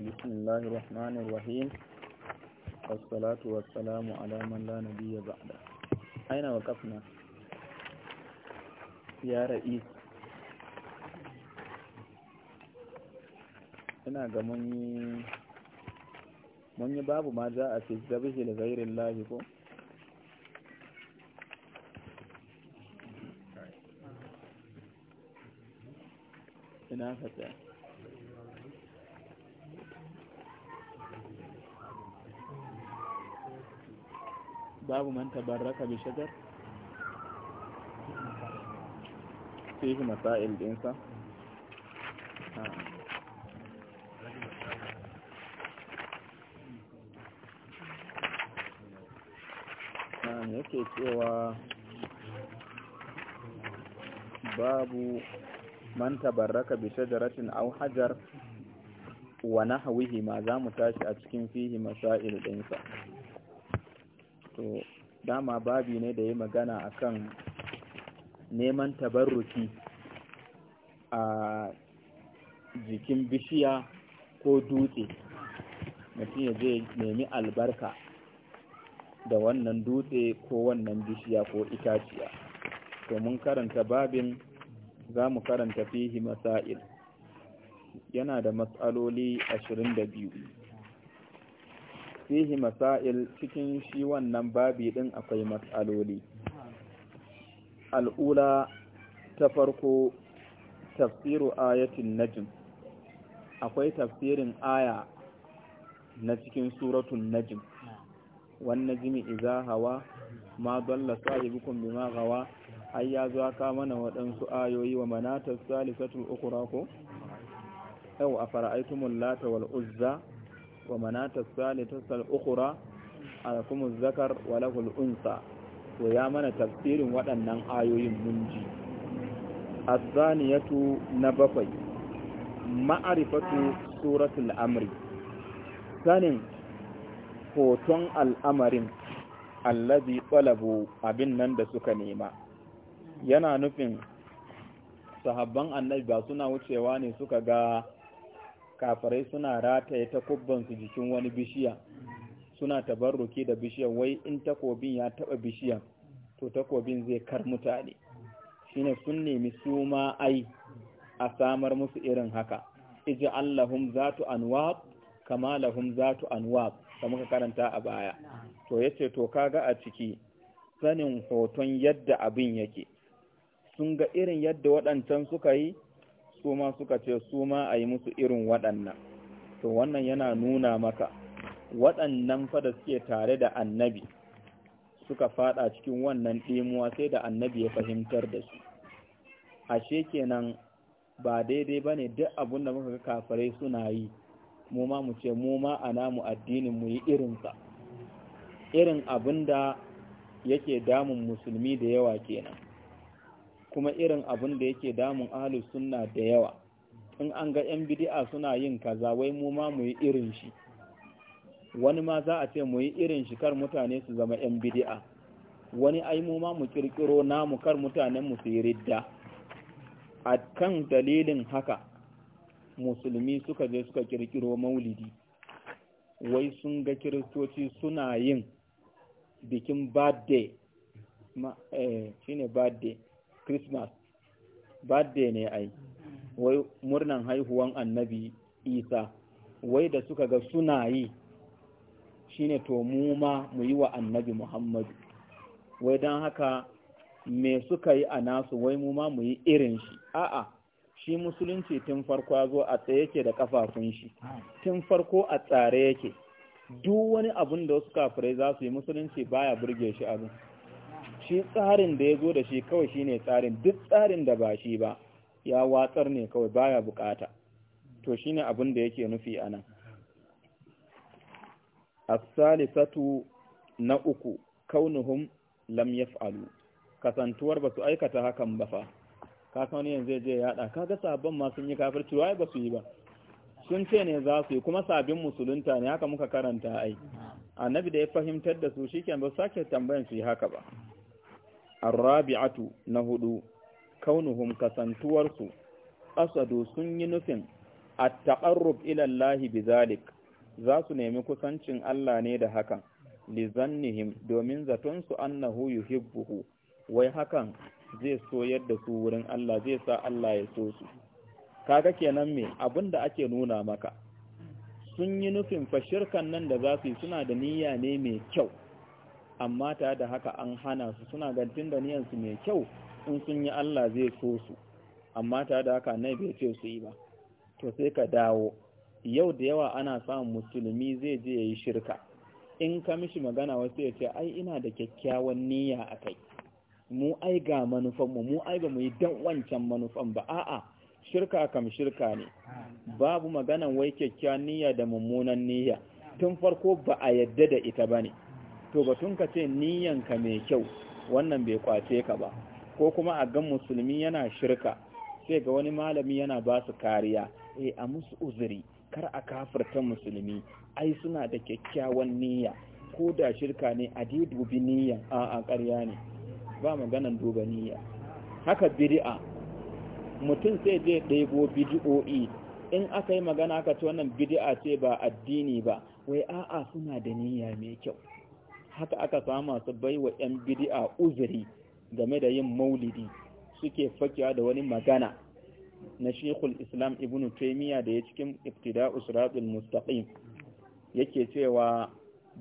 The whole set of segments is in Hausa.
بسم الله الرحمن الرحيم والصلاة والسلام على من لا نبي بعده أين وقفنا يا رئيس ina ga من باب ما جاء في a لغير الله da zairin فتح babu man tabarraka bi shajar fi masail dinsa nan ah. ah, yake cewa babu man tabarraka bi shajaratin aw hajar wa nahwihi ma za mu tashi a cikin fihi masail dinsa to dama babi ne da ya magana akan neman tabarruki a jikin bishiya ko dutse mutum ya je nemi albarka da wannan dutse ko wannan bishiya ko itaciya to mun karanta babin za mu karanta fihi masail yana da matsaloli ashirin da fihi masail cikin shi wannan babi din akwai matsaloli al'ula ta farko tafsiru ayatin najm akwai tafsirin aya na cikin suratun najm wan najmi idza hawa ma dalla sahibukum bima gawa ai ya zo ka mana waɗansu ayoyi wa manatas salisatul ukhra ko aw afara'aytumul lata wal uzza wa manata salitasar ukura a kuma zakar wa lahul unsa to ya mana tafsirin waɗannan ayoyin munji azaniyatu na bakwai ma'arifatu suratul amri sanin hoton al'amarin allazi ƙwalabo abin nan da suka nema yana nufin sahabban annabi ba suna wucewa ne suka ga kafirai suna rataye takubbansu jikin wani bishiya suna tabarruki da bishiyan wai in takobin ya taba bishiyan to takobin zai kar mutane shine sun nemi su ma ai a samar musu irin haka iji allahum zatu anwab kama lahum zatu anwab da muka karanta a baya to yace to kaga a ciki sanin hoton yadda abin yake sun ga irin yadda waɗancan suka yi su ma suka ce su ma a yi musu irin waɗannan to wannan yana nuna maka waɗannan fa suke tare da annabi suka fada cikin wannan ɗimuwa sai da annabi ya fahimtar da su ashe kenan ba daidai ba ne duk abin da muka kafare suna yi mu ma mu ce mu ma a namu addinin mu yi irinsa irin abin da yake damun musulmi da yawa kenan kuma irin abin da yake damun ahlus sunna da yawa in an ga yan bidi'a suna yin kaza wai mu ma mu yi irin shi wani ma za a ce mu yi irin shi kar mutane su zama yan bidi'a. wani ai mu ma mu kirkiro namu kar mutanen mu su yi ridda a kan dalilin haka musulmi suka je suka kirkiro maulidi wai sun ga kiristoci suna yin bikin birthday ma eh shine birthday Christmas birthday ne ai wai murnan haihuwan annabi Isa wai da suka ga suna yi shine to mu ma mu yi wa annabi Muhammadu wai don haka me suka yi a nasu wai mu ma mu yi irin shi a'a shi musulunci tun farko ya zo a tsaye yake da kafafun shi tun farko a tsare yake duk wani abin da wasu kafirai za su yi musulunci baya burge shi abin shi tsarin da ya zo da shi kawai shi ne tsarin duk tsarin da ba shi ba ya watsar ne kawai baya bukata to shi ne abin da yake nufi anan as-salisatu na uku kaunuhum lam yaf'alu kasantuwar ba su aikata hakan ba fa ka san yanzu je yada ka kaga sabon ma sun yi kafirci wai ba su yi ba sun ce ne za su yi kuma sabin musulunta ne haka muka karanta ai annabi da ya fahimtar da su shikenan ba sake tambayan su yi haka ba arrabi'atu na hudu kaunuhum kasantuwarsu asadu sun yi nufin at-taqarrub ila bizalik za su nemi kusancin Allah ne da hakan li zannihim domin zaton su annahu yuhibbuhu wai hakan zai so yadda su wurin Allah zai sa Allah ya so su kaga kenan me abinda ake nuna maka sun yi nufin fashirkan nan da za su yi suna da niyya ne mai kyau amma ta da haka an hana su suna gantin da niyansu mai kyau in sun yi Allah zai so su amma ta da haka nai bai ce su yi ba to sai ka dawo yau da yawa ana samun musulmi zai je ya yi shirka in ka mishi magana wasu ya ce ai ina da kyakkyawan niyya a kai mu ai ga manufan mu ai ba mu yi dan wancan manufan ba a'a shirka kam shirka ne babu magana wai kyakkyawan niyya da mummunan niyya tun farko ba a yadda da ita ba ne to batun ka ce niyyanka mai kyau wannan bai kwace ka ba ko kuma a gan musulmi yana shirka sai ga wani malami yana ba su kariya eh a musu uzuri kar a kafirta musulmi ai suna da kyakkyawan niyya ko da shirka ne a dai dubi niyya a a ƙarya ne ba maganan duba niyya haka bid'a mutum sai zai ɗebo bid'o'i in aka yi magana aka ce wannan bid'a ce ba addini ba wai a'a suna da niyya mai kyau haka aka sama su bai wa 'yan bidi'a uzuri game da yin maulidi suke fakewa da wani magana na shekul islam ibn taimiyya da ya cikin iftida usratul mustaqim yake cewa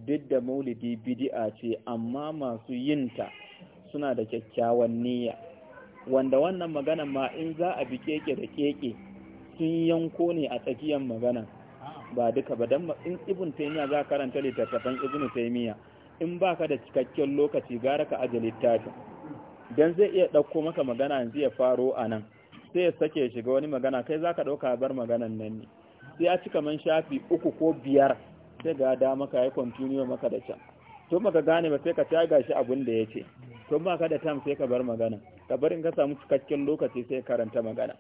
duk da maulidi bidi'a ce amma masu yinta suna da kyakkyawan niyya wanda wannan magana ma in za a bi keke da keke sun yanko ne a tsakiyar magana ba duka ba don in ibn taimiyya za a karanta littattafan ibn taimiyya in ba ka da cikakken lokaci gara ka ajiye littafin dan zai iya ɗauko maka magana yanzu ya faro a nan sai ya sake shiga wani magana kai za ka ɗauka bar maganan nan ne sai ya cika man shafi uku ko biyar sai ga da maka ya continue maka da can to maka gane ba sai ka taga shi abin da ya ce ba ka da tam sai ka bar magana ka bar in ka samu cikakken lokaci sai karanta magana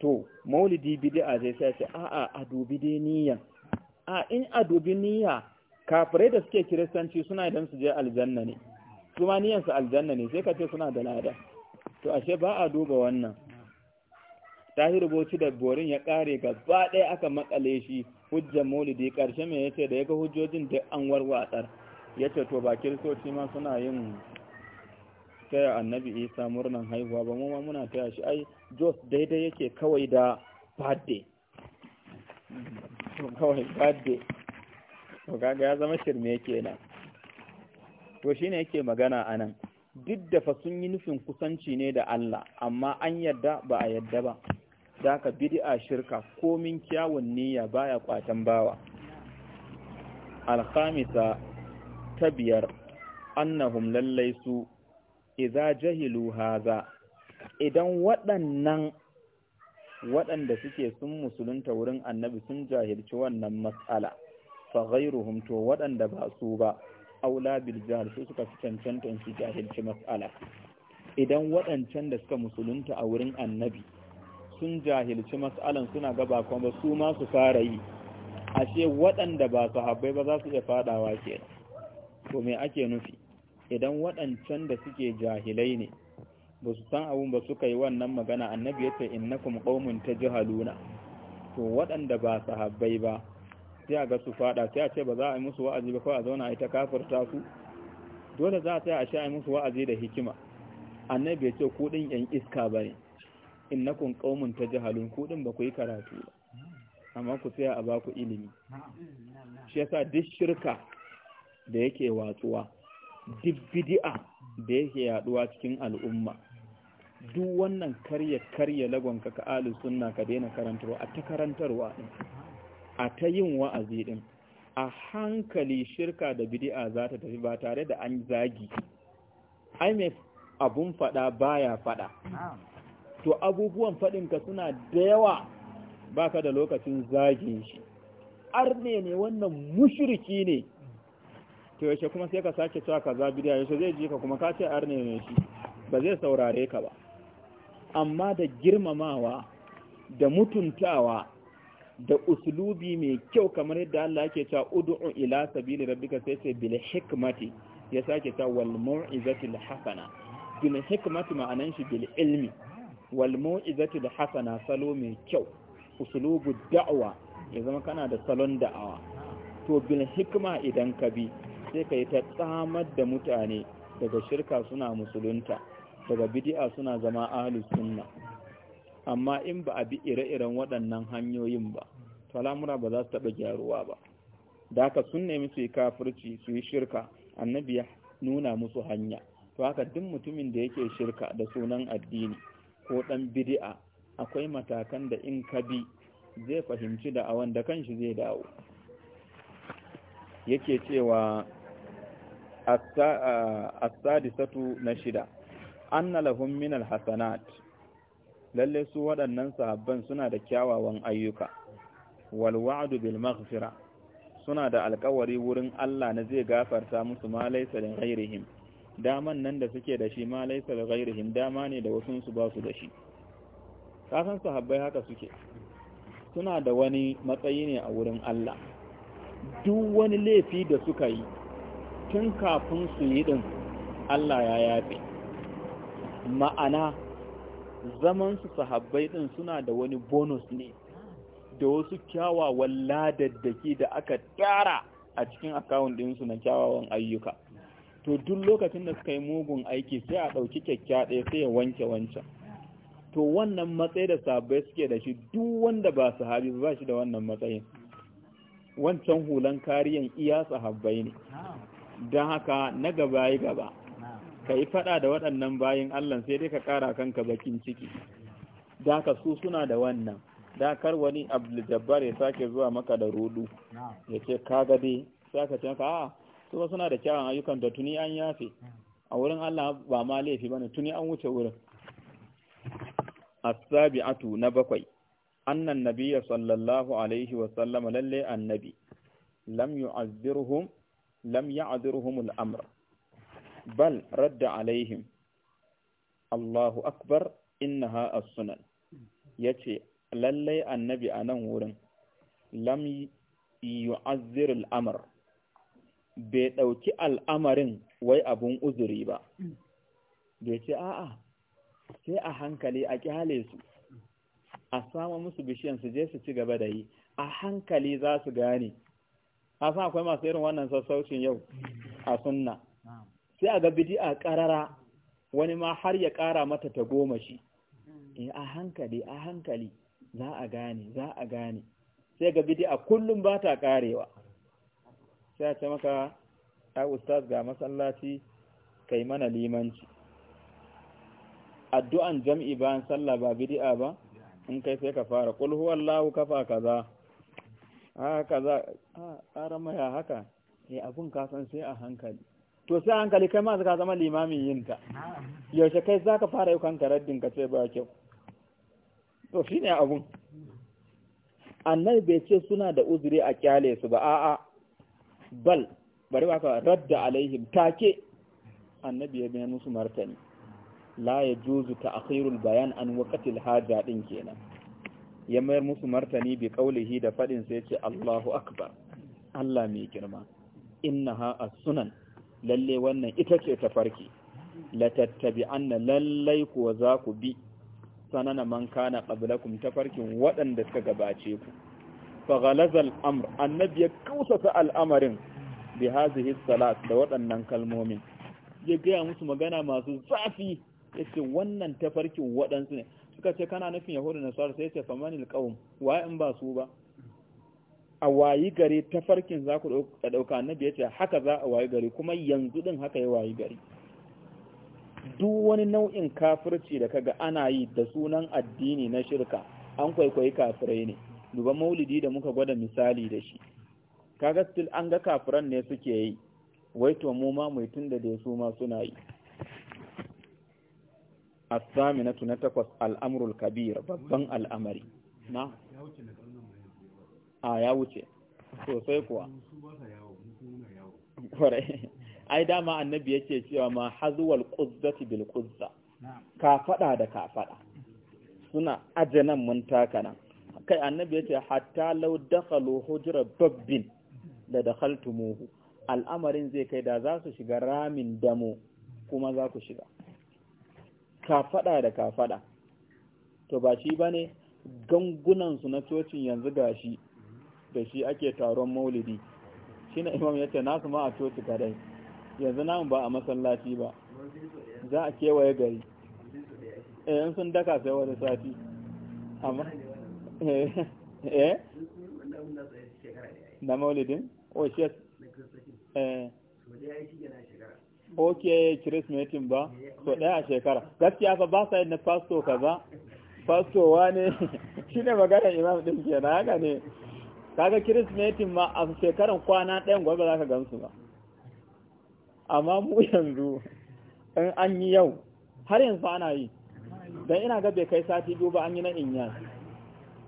to maulidi bid'a sai sai a a'a a dubi dai a in a dubi niyya kafirai da suke kiristanci suna idan su je aljanna ne su ma su aljanna ne sai ka ce suna da lada to ashe ba a duba wannan tahir boci da borin ya kare gaba ɗaya aka makale shi hujjar maulidi karshe mai yace da yaga hujjojin da an warwatsar yace to ba kiristoci ma suna yin taya annabi isa murnan haihuwa ba mu ma muna taya shi ai jos daidai yake kawai da birthday kawai birthday to kaga ya zama shirme kenan to shine yake magana anan duk da fa sun yi nufin kusanci ne da Allah amma an yadda ba a yadda ba daka ka bid'a shirka komin kyawun niyya baya kwatan bawa al ta biyar annahum lallai su idza jahilu haza idan waɗannan waɗanda suke sun musulunta wurin annabi sun jahilci wannan matsala fa ghairuhum to waɗanda ba su ba aula bil jahl su suka fi cancantan su jahilci mas'ala idan waɗancan da suka musulunta a wurin annabi sun jahilci mas'alan suna gaba kuma ba su ma su fara yi ashe waɗanda ba su habbai ba za su iya fadawa ke to me ake nufi idan waɗancan da suke jahilai ne ba su san abun ba suka yi wannan magana annabi ya ce innakum qaumun tajhaluna to waɗanda ba sahabbai ba sai a ga su fada sai a ce ba za a yi musu wa'azi ba kawai a zauna a yi ta kafirta su dole za a ce a sha yi musu wa'azi da hikima annabi bai ce kudin yan iska ba ne innakun qaumun tajhalun kudin ba ku yi karatu ba amma ku sai a ba ku ilimi shi yasa duk shirka da yake watsuwa duk bid'a da yake yaduwa cikin al'umma duk wannan karya karya lagon ka ka alu sunna ka daina karantarwa a ta karantarwa a ta yin wa'azi ɗin, a hankali shirka da bidi'a za ta tafi ba tare da an zagi Ai mai abun fada baya fada to abubuwan fadinka suna da yawa baka da lokacin zagin shi arne ne wannan mushriki ne to yace kuma sai ka sake cewa ka za bidiya yace zai ji ka kuma ka ce arne ne shi ba zai saurare ka ba amma da girmamawa da mutuntawa da uslubi mai kyau kamar yadda Allah yake cewa ud'u ila sabili rabbika sai sai bil hikmati ya sake cewa wal mu'izati al hasana bil hikmati ma'anan shi bil ilmi wal mu'izati al hasana salo mai kyau uslubu da'wa ya zama kana da salon da'awa to bil hikma idan ka bi sai ka ta tsamar da mutane daga shirka suna musulunta daga bid'a suna zama ahlus sunna amma in ba a bi ire-iren waɗannan hanyoyin ba to lamura ba za su taɓa gyaruwa ba da haka sun nemi su yi kafirci su yi shirka annabi ya nuna musu hanya to haka duk mutumin da yake shirka da sunan addini ko ɗan bidi'a akwai matakan da in ka bi zai fahimci da awan da kanshi zai dawo yake cewa a sadisatu na shida an na min minal hasanat lalle su waɗannan sahabban suna da kyawawan ayyuka wal wa'du bil maghfira suna da alƙawari wurin Allah na zai gafarta musu ma laysa li ghairihim daman nan da suke da shi ma laysa li ghairihim dama ne da wasun su ba su da shi ka kasan sahabbai haka suke suna da wani matsayi ne a wurin Allah duk wani laifi da suka yi tun kafin su yi din Allah ya yafe ma'ana zaman su sahabbai din suna da wani bonus ne da wasu kyawawan ladaddaki da aka tara a cikin akawun ɗinsu na kyawawan ayyuka to duk lokacin da suka yi mugun aiki sai a ɗauki ɗaya sai ya wanke wancan to wannan matsayi da sabai suke da shi duk wanda ba sahabi ba shi da wannan matsayin wancan hulan kariyan iya sahabbai ne don haka na gaba yi gaba ka yi faɗa da waɗannan bayan Allah sai dai ka ƙara kanka bakin ciki da ka su suna da wannan da kar wani abdul-jabbar ya sake zuwa maka da rudu ya ce ka gade sai ka ce maka a su ba suna da kyawun ayyukan da tuni an yafe a wurin Allah ba ma laifi bane tuni an wuce wurin as-sabi'atu na bakwai annan nabiyya sallallahu alaihi wa sallama lalle annabi lam yu'azzirhum lam ya'zirhum al-amr bal radda alaihim Allahu akbar innaha as-sunan yace lallai annabi a nan wurin lam yu'azzir al-amr bai dauki al'amarin wai abun uzuri ba bai ce a'a sai a hankali a kyale su a samu musu bishiyan su je su ci gaba da yi a hankali za su gane a san akwai masu irin wannan sassaucin yau a sunna sai a ga bidi'a karara wani ma har ya ƙara mata ta goma shi eh a hankali a hankali za a gane za a gane sai ga bidi'a kullum ba ta karewa sai a ce maka a ustaz ga masallaci kai mana limanci addu'an jam'i bayan sallah ba bidi'a ba in kai sai ka fara qul huwallahu kafa kaza haka za a ƙara maya haka eh abun kasan sai a hankali to sai hankali kai ma ka zama limamin yin ta yaushe kai za ka fara yukan karaddin ka ce ba kyau to shi ne abun annabi bai ce suna da uzuri a kyale su ba a'a bal bari ba ka radda alaihim take annabi ya bayan musu martani la ya juzu ta akhirul bayan an wakatil haja din kenan ya mayar musu martani bi kaulihi da fadin sai ce Allahu akbar Allah mai girma innaha as-sunan lalle wannan ita ce ta farki latattabi anna lallai kuwa za ku bi sanana man kana qablakum ta farkin waɗanda suka gabace ku fa ghalaza al-amr annabi ya kausata al'amarin bi hazihi salat da waɗannan kalmomin ya gaya musu magana masu zafi yace wannan tafarkin waɗansu ne suka ce kana nufin yahudu nasara sai ya ce famanil qaum wa in ba su ba a wayi gare farkin za ku ɗauka na ya ce haka za a wayi gari kuma yanzu ɗin haka ya wayi gari. duk wani nau'in kafirci da kaga ana yi da sunan addini na shirka an kwaikwayi kafirai ne duba maulidi da muka gwada misali da shi kaga still an ga kafiran ne suke yi wai to mu ma mai tun da su ma suna yi asami na takwas al kabir babban al'amari na a ya wuce sosai kuwa ai dama annabi yake cewa ma hazuwal quzzati bil quzza ka fada da ka fada suna ajanan mun nan kai annabi yace hatta law dakhalu hujra babbin da dakhaltumuhu al'amarin zai kai da za su shiga ramin damo kuma za ku shiga ka fada da ka fada to ba shi bane su na cocin yanzu gashi da shi ake taron maulidi shi na imam ya ce nasu ma a coci kadai yanzu namu ba a masallaci ba za a kewaye gari eh sun daka sai wani sati amma eh, eh? na maulidin o oh, shi eh ok kirismetin ba so daya a shekara gaskiya fa ba sa yin na pasto ba. pasto shi ne magana imam din kenan haka ne kaga kirismetin ma a shekaran kwana ɗayan gobe za ka gansu ba amma mu yanzu in an yi yau har yanzu ana yi don ina ga bai kai sati biyu ba an yi na inyar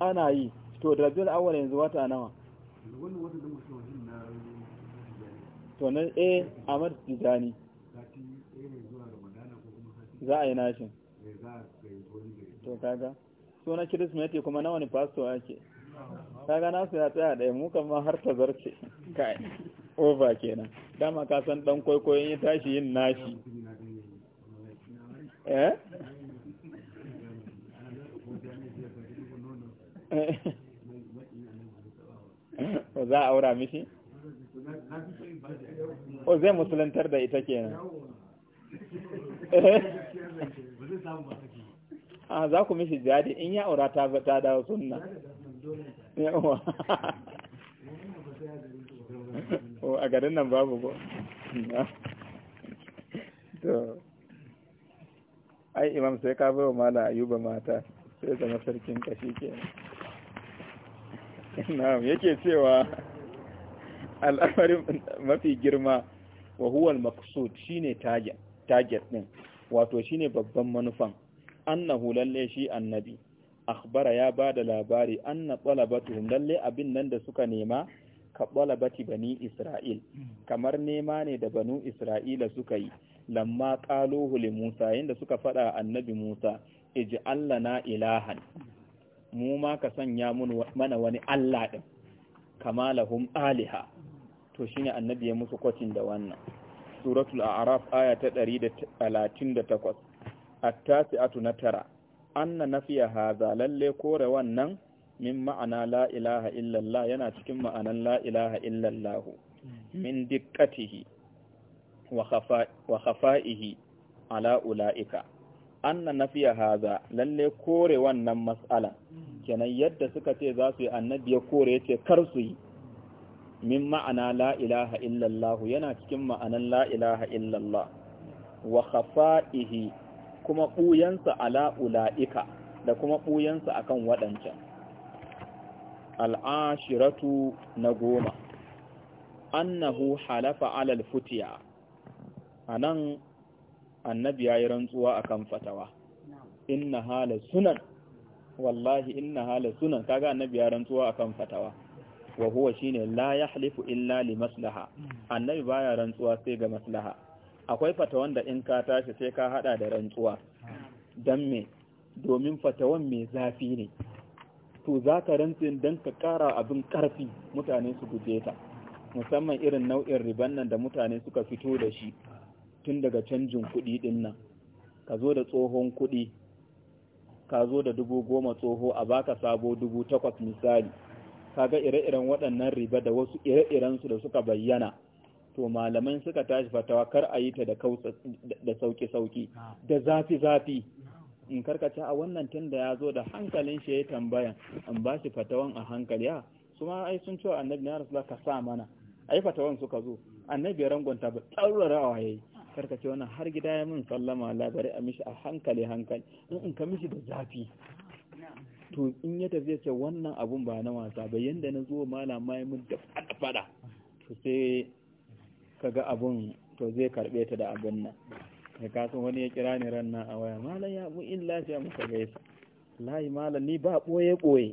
ana yi to da rabiul awwal yanzu wata nawa to nan A, eh, Ahmad Tijani za a yi nashin to kaga so kirismeti kuma nawa ne pastor ake kaga nasu ya tsaya ɗaya mu kan ma har ta zarce kai over kenan dama ka san dan kwaikwayon ya tashi yin nashi eh za a aura mishi o zai musulantar da ita kenan eh? a ah, za ku mishi jadi in ya aura ta dawo sunna yawa a garin nan babu ko to ai imam sai ka bai wa mala ayuba mata sai zama sarkin kashi ke na'am yake cewa al'amarin mafi girma wa huwal maqsud shine target target din wato shine babban manufan annahu lalle shi annabi akhbara ya ba da labari anna talabatuhum lalle abin nan da suka nema ka talabati bani isra'il kamar nema ne da banu isra'ila suka yi lamma qaluhu li musa yanda suka fada annabi musa ij'al lana ilahan mu ma ka sanya mana wani allah din kama aliha to shine annabi ya musu kwacin da wannan suratul a'raf aya ta 138 at-tasi'atu na tara anna nafiya haza lalle kore wannan min ma'ana la ilaha illallah yana cikin ma'anan la ilaha illallah min dikkatihi wa khafa'ihi ala ula'ika anna nafiya haza lalle kore wannan mas'ala kenan yadda suka ce za su yi annabi ya kore ce kar su yi min ma'ana la ilaha illallah yana cikin ma'anan la ilaha illallah wa khafa'ihi kuma ɓuyansa ala ula'ika da kuma ɓuyansa akan waɗancan al'ashiratu na goma annahu halafa alal futiya a nan annabi ya yi rantsuwa a kan fatawa inna hala sunan wallahi inna hala sunan kaga annabi ya rantsuwa a kan fatawa wa huwa shine la halifu illa li maslaha annabi baya rantsuwa sai ga maslaha akwai fatawan da in ka tashi sai ka hada da rantsuwa don me domin fatawan mai zafi ne to za ka rantsin don ka kara abin karfi mutane su guje ta musamman irin nau'in riban nan da mutane suka fito da shi tun daga canjin kudi din nan ka zo da tsohon kudi ka zo da dubu goma tsoho a baka sabo dubu takwas misali ka ga ire-iren waɗannan riba da wasu ire-irensu da suka bayyana to malaman suka tashi fatawa kar a yi ta da sauki-sauki da zafi-zafi in karkace a wannan tun da ya zo da hankalin shi ya tambaya an ba shi fatawan a hankali ya su ma ai sun cewa annabi na rasu ka sa mana ai fatawan suka zo annabi ya rangonta ba tsaurara a waye karkace wannan har gida ya min sallama labari a mishi a hankali hankali in ka mishi da zafi to in ya tafi ce wannan abun ba na wasa ba yanda na zo malama ya min da fada to sai Ka ga abun to zai karbe ta da abin nan da kasan wani ya kira ni ran a waya malam ya bu illa ce muka gaisa layi malam ni ba boye boye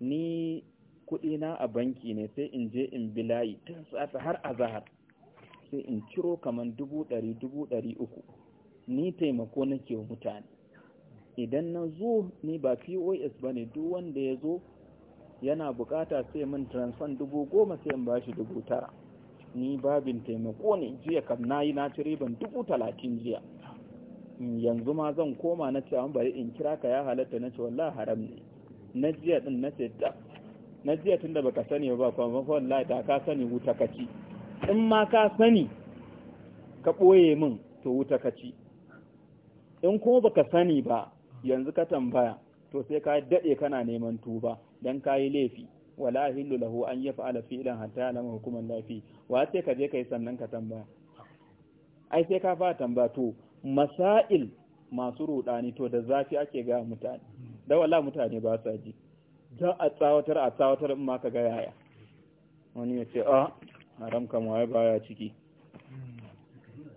ni kuɗi na a banki ne sai in je in bi layi tun har har zahar sai in ciro kamar dubu ɗari dubu ɗari uku ni taimako na ke mutane idan na zo ni ba pos ba ne duk wanda ya zo yana bukata sai min transfer dubu goma sai in ba shi dubu tara ni babin taimako ne jiya kam na yi na ci riban dubu talatin jiya mm, yanzu ma zan koma na ce an bari in kira ka ya halatta na ce wallah haram ne na jiya din na ce ta na jiya tunda ba baka sani ba kuma wallahi ta ka sani wuta kaci in ma ka sani ka ɓoye min to wuta kaci in kuma baka sani ba yanzu ka tambaya to sai ka daɗe kana neman tuba don ka yi laifi wala hillu lahu an yaf'ala fi'lan hatta lam hukuman lafi wa sai ka je kai sannan ka tambaya ai sai ka fara tambaya to masail masu rudani to da zafi ake ga mutane da wala mutane ba sa ji za a tsawatar a tsawatar in ma ka ga yaya wani ya ce a ah, haram kamar baya ciki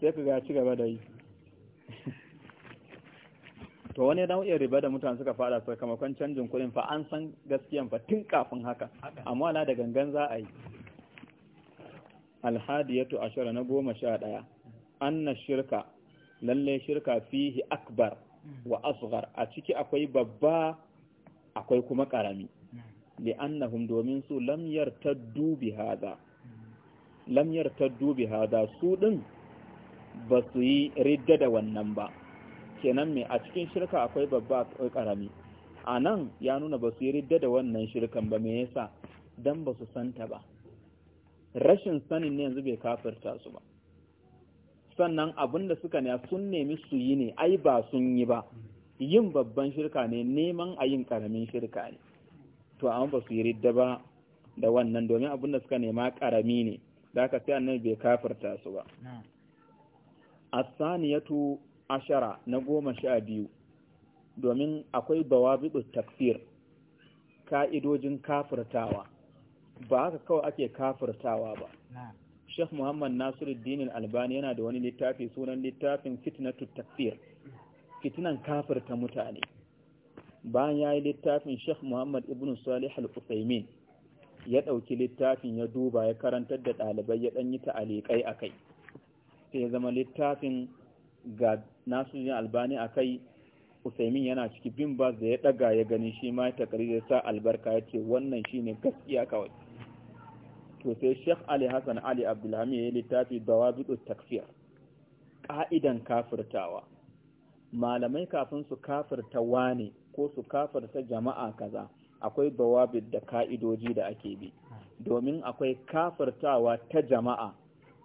sai ka ga ci gaba da yi to wani nau'in riba da mutane suka fada sakamakon canjin kuɗin fa an san gaskiya fa tun kafin haka amma na da gangan za a yi alhadiyatu ashara na goma sha ɗaya anna shirka lalle shirka fihi akbar wa asghar a ciki akwai babba akwai kuma karami Annahum domin su lam yartaddu bi hada lam yartaddu bi hada su din ba su yi ridda da wannan ba kenan me a cikin shirka akwai babba akwai karami a nan ya nuna ba su yi ridda da wannan shirkan ba me yasa dan ba su santa ba rashin sanin ne yanzu bai kafirta su ba sannan abin da suka ne sun nemi su yi ne ai ba sun yi ba yin babban shirka ne neman a yin karamin shirka ne to amma ba su yi ridda ba da wannan domin abin da suka nema karami ne da aka sai annabi bai kafirta su ba asaniyatu ashara na goma sha biyu domin akwai biɗu takfir ka'idojin kafirtawa ba haka kawai ake kafirtawa ba Sheikh Muhammad Nasiruddin Albani yana da wani littafi sunan littafin Fitnatut Takfir fitinan kafirta mutane bayan yayi littafin Sheikh Muhammad Ibn Salih al qusaymin ya ɗauki littafin ya duba ya karantar da ɗalibai ya danyi ta'alikai akai sai ya zama littafin ga yin albani a kai usaimin yana ciki bin ba da ya daga ya gani shi ma ta da sa albarka ya ce wannan shi ne gaskiya kawai to sai shek ali hassan ali abdulhamid ya littafi dawabidu takfir ƙa'idan kafirtawa malamai kafin su kafirta ne ko su kafirta jama'a kaza akwai dawabid da ka'idoji da ake bi domin akwai kafirtawa ta jama'a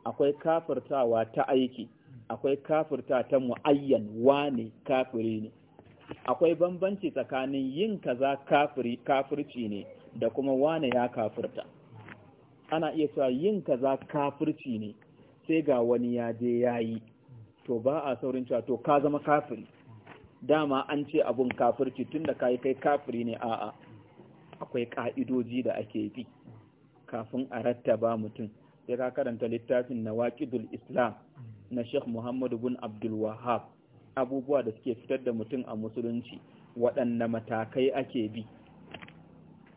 akwai kafirtawa ta aiki akwai kafirta ta mu'ayyan wane kafiri ne akwai bambanci tsakanin yin kaza kafiri kafirci ne da kuma wane ya kafirta ana iya cewa yin kaza kafirci ne sai ga wani ya je yayi to ba a saurin cewa to ka zama kafiri dama an ce abun kafirci tunda kai kai kafiri ne a'a akwai ka'idoji da ake bi kafin a rattaba mutum sai ka karanta littafin nawaqidul islam na Sheikh Muhammadu bin Abdul Wahab abubuwa da suke fitar da mutum a musulunci waɗanne matakai ake bi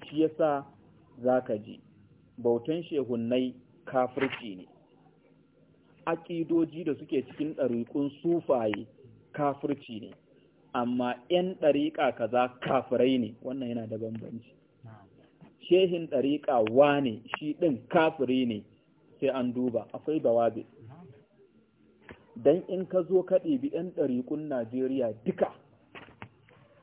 shi yasa zaka ji bautan shehunnai kafirci ne aƙidoji da suke cikin ɗariƙun sufaye kafirci ne amma 'yan ɗariƙa kaza kafirai ne wannan yana da bambanci shehin ɗariƙa wane shi ɗin kafiri ne sai an duba akwai bawabi don in ka zo ka ɗebi 'yan ɗariƙun najeriya duka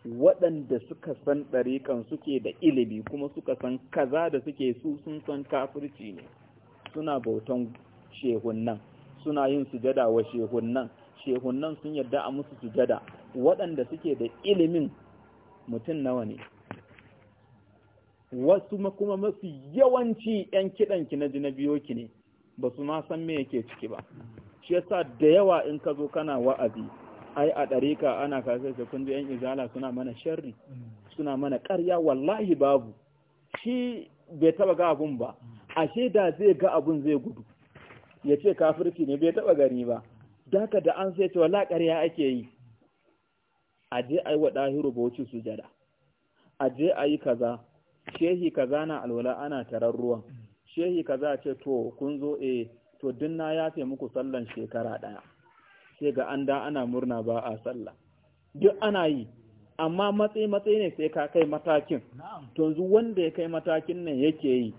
waɗanda suka san ɗariƙan suke da ilimi kuma suka san kaza da suke su sun san kafirci ne suna bautan shehunnan suna yin sujada wa shehunnan shehunnan sun yarda a musu sujada waɗanda suke da ilimin mutum nawa ne wasu kuma mafi yawanci 'yan kiɗanki na jinabiyoki ne ba su ma san me yake ciki ba shi yasa da yawa in ka zo kana wa'azi ai a ɗarika ana kasar da kun ji ‘yan izala suna mana sharri suna mana ƙarya wallahi babu shi bai taba ga abun ba ashe da zai ga abun zai gudu ya ce kafirci ne bai taba gani ba daga da an sai ce wala ƙarya ake yi a je a wa ɗahiru bauchi sujada a je kaza shehi kaza na alwala ana tararruwan. shehi kaza ce to kun zo eh to dinna ya ce muku sallan shekara ɗaya sai ga an da ana murna ba a sallah duk ana yi amma matsayi matsayi ne sai ka kai matakin to yanzu wanda ya kai matakin nan yake yi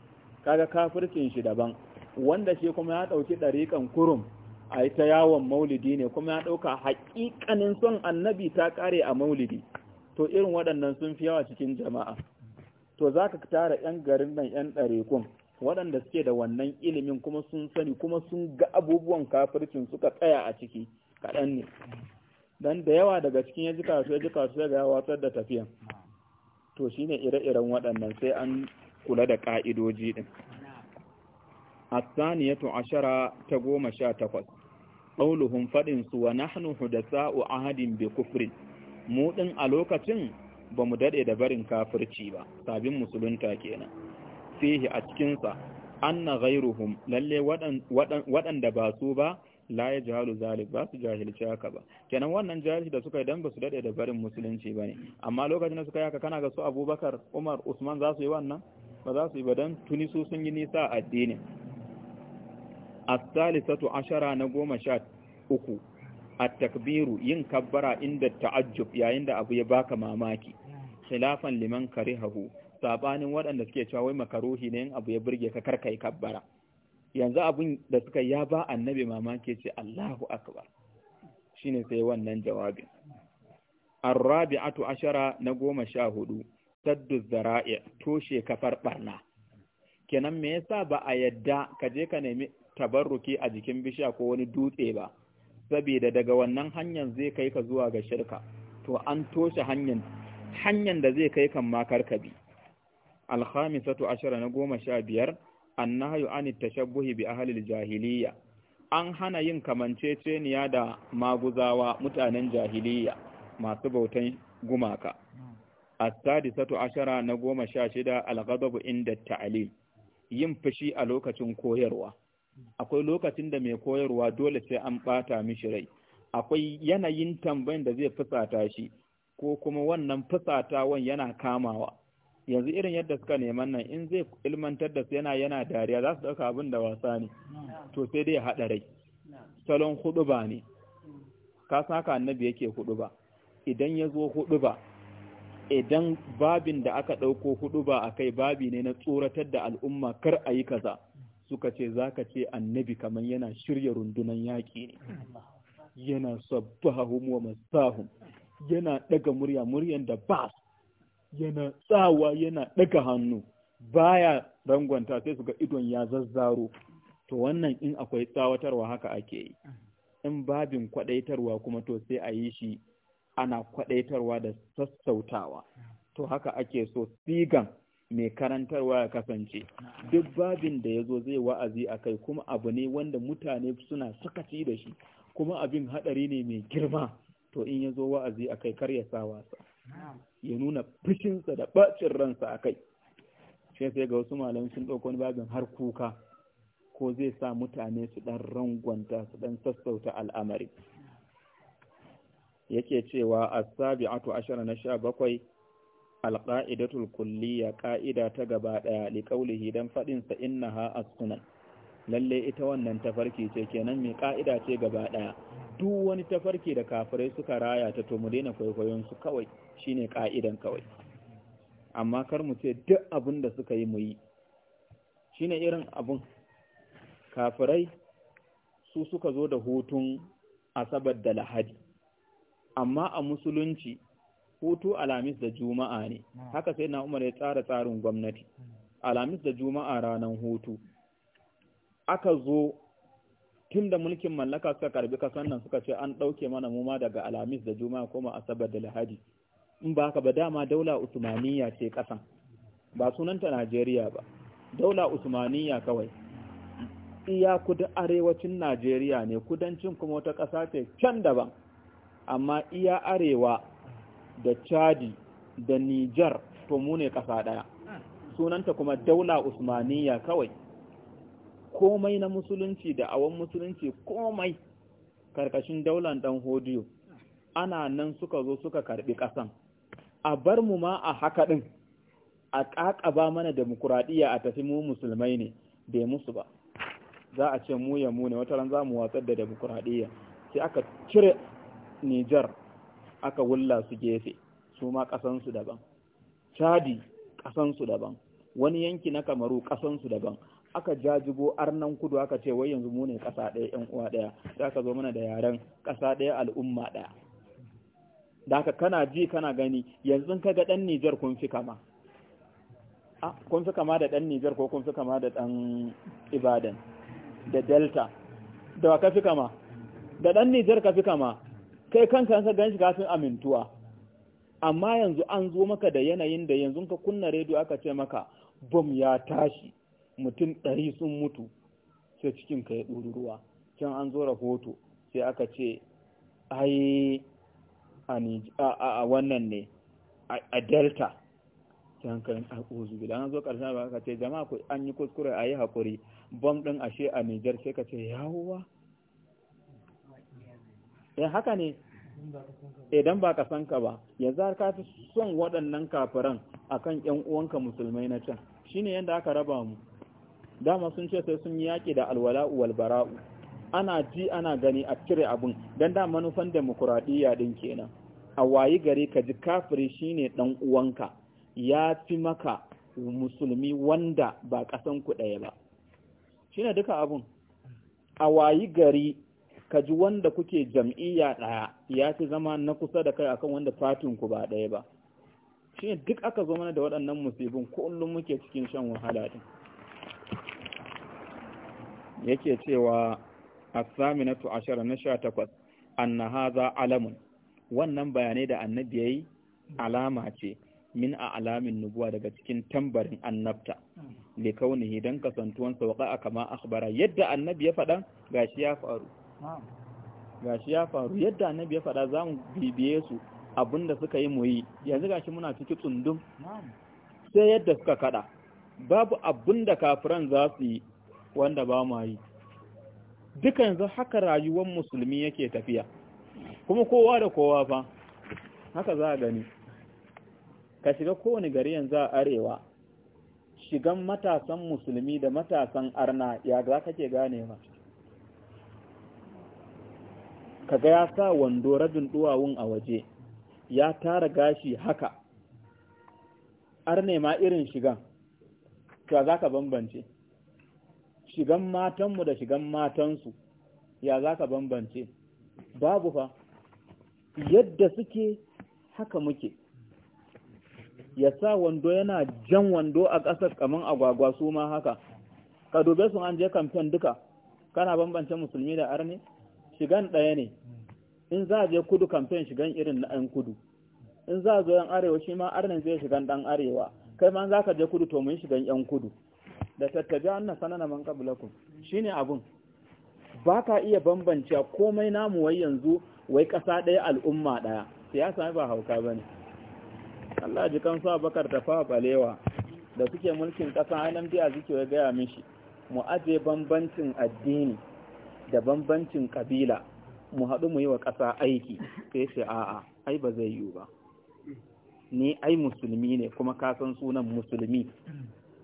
kaga kafircin shi daban wanda shi kuma ya ɗauki ɗariƙan kurum a yi ta yawon maulidi ne kuma ya ɗauka haƙiƙanin son annabi ta ƙare a maulidi to irin waɗannan sun fi yawa cikin jama'a to za ka tara 'yan garin nan 'yan ɗarikun waɗanda suke da wannan ilimin kuma sun sani kuma sun ga abubuwan kafircin suka tsaya a ciki kaɗan ne don da yawa daga cikin ya ji kasuwa ji kasuwa ga watsar da tafiya to shi ne ire-iren waɗannan sai an kula da ƙa'idoji ɗin asaniyatu ashara ta goma sha takwas ƙauluhun faɗinsu wa nahnu hudasa'u ahadin bi kufrin mu ɗin a lokacin ba mu daɗe da barin kafirci ba sabin musulunta kenan fihi a cikinsa anna ghairuhum lalle waɗanda ba su ba la ya jahalu zalik ba su jahilci haka ba kenan wannan jahilci da suka yi dan ba su daɗe da barin musulunci ba ne amma lokacin da suka yi haka kana ga su abubakar umar usman za su yi wannan ba za su yi ba don tuni su sun yi nisa addini as-salisatu ashara na goma sha uku at-takbiru yin kabbara inda ta'ajjub yayin da abu ya baka mamaki khilafan liman karihahu sabanin waɗanda suke cewa wai makaruhi ne abu ya burge ka karka yi kabbara yanzu abun da suka ya ba annabi mamaki ce Allahu akbar shine sai wannan jawabin Rabi'atu ashara na goma sha hudu saddu zara'i toshe kafar barna kenan me yasa ba a yadda ka je ka nemi tabarruki a jikin bishiya ko wani dutse ba saboda daga wannan hanyar zai kai ka zuwa ga shirka to an toshe hanyar hanyar da zai kai kan makarkabi bi. alhamisatu ashara na goma sha biyar annahayu ani tashabbuhi bi ahalil jahiliya an hana yin kamanceceniya da maguzawa mutanen jahiliya masu bautan gumaka as-sadisatu ashara na goma sha shida al inda ta'lim yin fushi a lokacin koyarwa akwai lokacin da mai koyarwa dole sai an bata mishi rai akwai yanayin tambayin da zai fusata shi ko kuma wannan fusatawan yana kamawa yanzu irin yadda suka neman nan in zai ilmantar da su yana yana dariya za su ɗauka abin da wasa ne to sai dai haɗa rai salon hudu ba ne ka san annabi yake hudu ba idan ya zo hudu ba idan babin da aka ɗauko hudu ba a kai babi ne na tsoratar da al'umma kar a yi kaza suka ce za ka ce annabi kamar yana shirya rundunan yaƙi ne yana sabbahum wa masahum yana ɗaga murya muryan da bas. yana tsawa yana ɗaga hannu baya rangwanta sai su ga idon ya zazzaro to wannan in akwai tsawatarwa haka ake yi in babin kwadaitarwa kuma to sai a yi shi ana kwadaitarwa da sassautawa to haka ake so sigan mai karantarwa ya kasance duk babin da ya zo zai wa'azi a kai kuma abu ne wanda mutane suna sakaci da shi kuma abin haɗari ne mai girma to in ya zo wa'azi a kai kar ya sa wasa ya nuna fushinsa da bacin ransa a kai shi sai ga wasu malamai sun ɗauko wani babin har kuka ko zai sa mutane su ɗan rangwanta su ɗan sassauta al'amari yake cewa a sabi ato ashirin na sha bakwai alƙa'idatul kulliya ƙa'ida ta gaba ɗaya liƙaulihi don faɗinsa inna ha sunan lalle ita wannan tafarki ce kenan mai ƙa'ida ce gaba ɗaya duk wani tafarki da kafirai suka raya ta to mu daina kwaikwayon su kawai shine ka'idan kawai amma kar mu ce duk abin da suka yi mu yi shine irin abun kafirai su suka zo da hutun asabar da lahadi amma a musulunci hutu alamis da juma'a ne haka sai na umar ya tsara tsarin gwamnati alamis da juma'a ranar hutu aka zo tun da mulkin mallaka suka karbi kasan nan suka ce an ɗauke mana muma daga al'amis da juma'a kuma asabar da lahadi in ba haka ba dama daula usmaniya ce kasan ba sunanta najeriya ba daula Usmaniyya kawai iya kudu arewacin najeriya ne kudancin kuma wata ƙasa ce can daban amma iya arewa da chadi da nijar to mu ne ƙasa ɗaya sunanta kuma daula Usmaniyya kawai komai na musulunci da awon musulunci komai karkashin daular dan hodiyo ana nan suka zo suka karbi kasan a bar mu ma a haka din a kakaba mana demokuraɗiyya a tafi mu musulmai ne bai musu ba za a ce mu yamu ne wata ran za mu watsar da demokuraɗiyya sai aka cire Nijar aka wulla su gefe su ma su daban chadi ƙasansu daban wani yanki na kamaru ƙasansu daban aka jajigo arnan kudu aka ce wai yanzu mu ne ƙasa ɗaya ƴan uwa ɗaya za ka zo mana da yaren ƙasa ɗaya al'umma ɗaya da aka kana ji kana gani yanzu ka ga ɗan Nijar kun fi kama kun fi kama da ɗan Nijar ko kun fi kama da ɗan Ibadan da Delta da ka fi kama da ɗan Nijar ka fi kama kai kanka ka gan shi kafin amintuwa amma yanzu an zo maka da yanayin da yanzu ka kunna rediyo aka ce maka bom ya tashi mutum ɗari sun mutu sai cikinka ya ɗuri ruwa can an zo rahoto sai aka ce ai a wannan ne a delta sai kan al'uzu bila an zo ƙarshen ba aka ce jama'a ku an yi kuskure a yi haƙuri bom ɗin ashe a nijar sai ka ce yawuwa? ya eh, haka ne idan ba ka san ka ba ya za ka fi son waɗannan kafiran akan ƴan uwanka musulmai na can shine yanda aka raba mu dama sun ce sai sun yi yaƙi da alwala'u wal bara'u ana ji ana gani a cire abun dan da manufan demokuraɗiyya din kenan a wayi gari ka ji kafiri shine dan uwanka ya fi maka musulmi wanda ba ƙasan ku ɗaya ba shi ne duka abun a wayi gari ka ji wanda kuke jam'iyya ɗaya ya fi zama na kusa da kai akan wanda fatin ku ba ɗaya ba shi ne duk aka zo mana da waɗannan musibin kullum muke cikin shan wahala din yake cewa as-saminatu ashara na sha takwas anna haza alamun wannan bayanai da annabi yayi alama ce min a alamin nubuwa daga cikin tambarin annabta li kaunihi dan kasantuwan sauka kama akhbara yadda annabi ya faɗa gashi ya faru gashi ya faru yadda annabi ya faɗa zamu bibiye su abinda suka yi muyi yanzu gashi muna cikin tsundum sai yadda suka kada babu abinda kafiran za su yi wanda ba mu yi duka yanzu haka rayuwar musulmi yake tafiya kuma kowa da kowa fa haka za a gani ka shiga kowane gari yanzu a arewa shigan matasan musulmi da matasan arna ya za kake gane ba kaga ya sa wando rabin duwawun a waje ya tara gashi haka arne ma irin shigan to za ka bambance shigan matanmu da shigan matansu ya za ka bambance babu fa yadda suke haka muke ya sa wando yana jan wando a ƙasar kamar agwagwa su ma haka ka dobe su an je kamfen duka kana bambance musulmi da arne shigan ɗaya ne in za a je kudu kamfen shigan irin na ɗan kudu in za a zo yan arewa shi ma arnin zai shigan ɗan arewa kai ma za ka je kudu to mun shigan yan kudu da tattabi na sanana man ne shine abun baka iya bambance komai namu wai yanzu wai ƙasa ɗaya al'umma ɗaya siyasa ba hauka bane Allah ji kan sa bakar ta fa balewa da suke mulkin ƙasa, ainihin biya suke gaya mishi mu aje bambancin addini da bambancin ƙabila, mu haɗu mu yi wa ƙasa aiki sai shi a'a ai ba zai yiwu ba ni ai musulmi ne kuma ka san sunan musulmi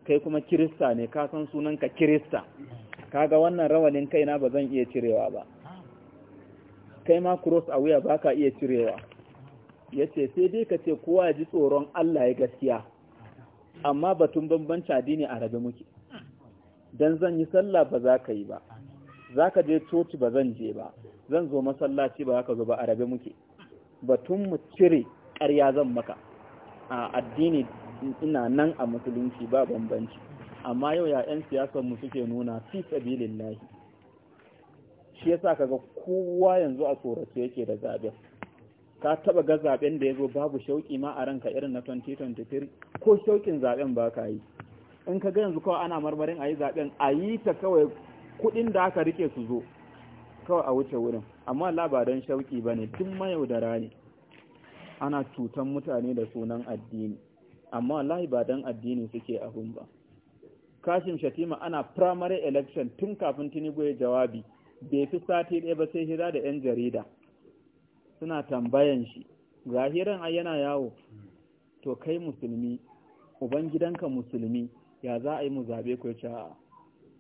kai kuma kirista ne ka san sunanka kirista kaga wannan rawanin kaina ba zan iya cirewa ba kai ma cross a wuya baka iya cirewa yace sai dai ka ce kowa ji tsoron Allah ya gaskiya amma batun bambanci addini a rabe muke dan zan yi sallah ba za ka yi ba za ka je coci ba zan je ba zan zo masallaci ba ka zo ba a rabe muke batun mu cire ƙarya zan maka a addini ina nan a musulunci ba bambanci amma yau ya 'yan siyasar mu suke nuna fi sabilin lahi shi yasa kaga kowa yanzu a tsorace yake da zaben ka taba ga zaben da yazo babu shauki ma a ranka irin na 2023 ko shaukin zaben ba ka yi in ka ga yanzu kawai ana marmarin a yi zaben ayi ta kawai kudin da aka rike su zo kawai a wuce wurin amma labaran shauki bane tun mayaudara ne ana cutan mutane da sunan addini amma wallahi ba dan addini suke abun ba kashim shatima ana primary election tun kafin tinubu ya jawabi bai fi sati ɗaya ba sai hira da 'yan jarida suna tambayan shi ga hiran a yana yawo to kai musulmi ubangidanka musulmi ya za a yi mu zaɓe ko ya a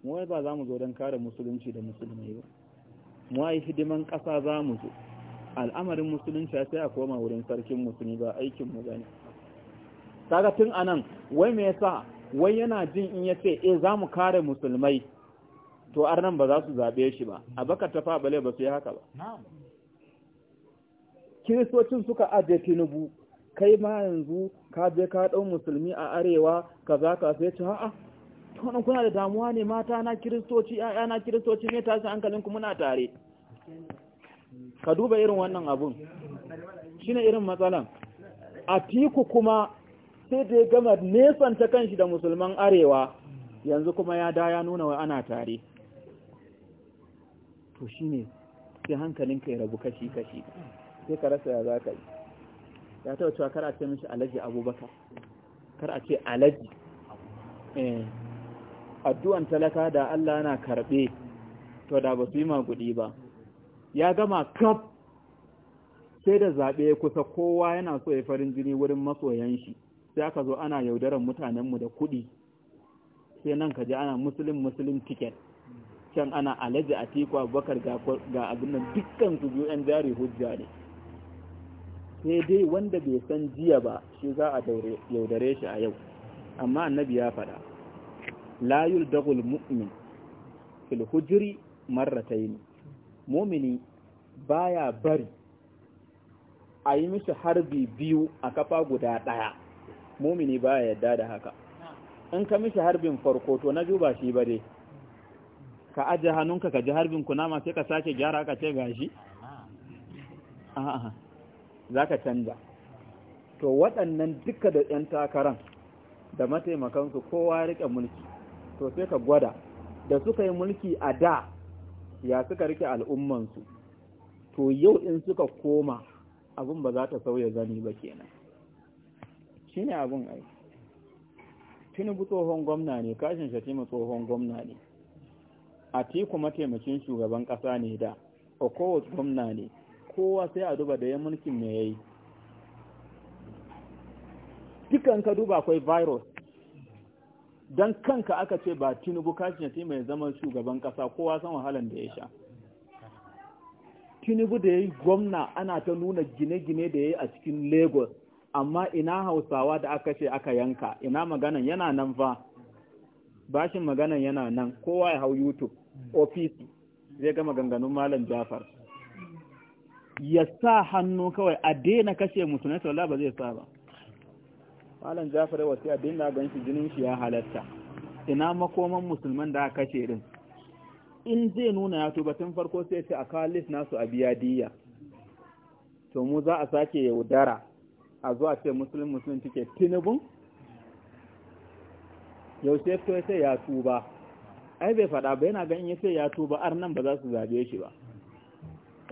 mu ba za mu zo don kare musulunci da musulmai ba mu yi hidiman ƙasa za mu zo al'amarin musulunci sai a koma wurin sarkin musulmi ba aikin mu bane kaga tun anan wai me yasa wai yana jin in ya yace eh mu kare musulmai to nan ba za su zabe shi ba a ta fa bale ba su yi haka ba kiristocin suka aje tinubu kai ma yanzu ka je ka ɗau musulmi a arewa ka za ka sai ci ha'a nan kuna da damuwa ne mata na kiristoci na kiristoci ne tashi hankalinku muna tare ka duba irin wannan abun shine irin matsalan A atiku kuma sai da ya gama nesanta kanshi da musulman arewa yanzu kuma ya da ya nuna wa ana tare to shi ne sai ka ya rabu kashi-kashi sai ka rasa ya za ka yi ya taɓa cewa kar a ce mishi alaji abubakar kar a ce alaji eh, addu'an talaka da Allah na karɓe to da ba su yi maguɗi ba ya gama kaf sai da zaɓe kusa kowa yana so ya farin jini wurin masoyan shi sai aka zo ana yaudaran mutanenmu da kuɗi sai nan ka ji ana musulun musulun tiket can ana alaji a tiku abubakar ga abin nan dukkan su biyu yan jari hujja ne sai dai wanda bai san jiya ba shi za a yaudare shi a yau amma annabi ya faɗa la yuldagul mu'min fil hujri marratayn mu'mini baya bari a yi mishi harbi biyu a kafa guda ɗaya mumini ba ya yadda da haka in ka mishi harbin farko to na juba shi ba dai ka aje hannunka ka ji harbin kunama sai ka sake gyara ka ce gashi za ka canza to waɗannan duka da 'yan takaran da mataimakansu kowa rike mulki to sai ka gwada da suka yi mulki a da ya suka rike al'ummansu to yau in suka koma abin ba za ta sauya zani ba kenan shi ne abin ai tinubu tsohon gwamna ne kashin shatima tsohon gwamna ne a tiku mataimakin shugaban ƙasa ne da okowa gwamna ne kowa sai a duba da ya mulkin me yayi yi dukan ka duba akwai virus don kanka aka ce ba tinubu kashin shatima ya zama shugaban ƙasa kowa san wahalan da ya sha tinubu da ya yi gwamna ana ta nuna gine-gine da ya yi a cikin lagos amma ina hausawa da aka ce aka yanka ina maganan yana nan fa bashin maganan yana nan kowa ya hau youtube ofisi zai gama maganganun malam jafar ya sa hannu kawai a daina kashe musulmai sallah ba zai sa ba malam jafar wasu a daina gan shi jinin shi ya halatta ina makoman musulman da aka kashe din in zai nuna ya tuba tun farko sai ce a kawo nasu a biya diya to mu za a sake yaudara a zuwa ce musulun musulun cike tinubun yaushe to ya ce ya tuba ai bai faɗa ba yana ganin ya ya tuba ar nan ba za su zabe shi ba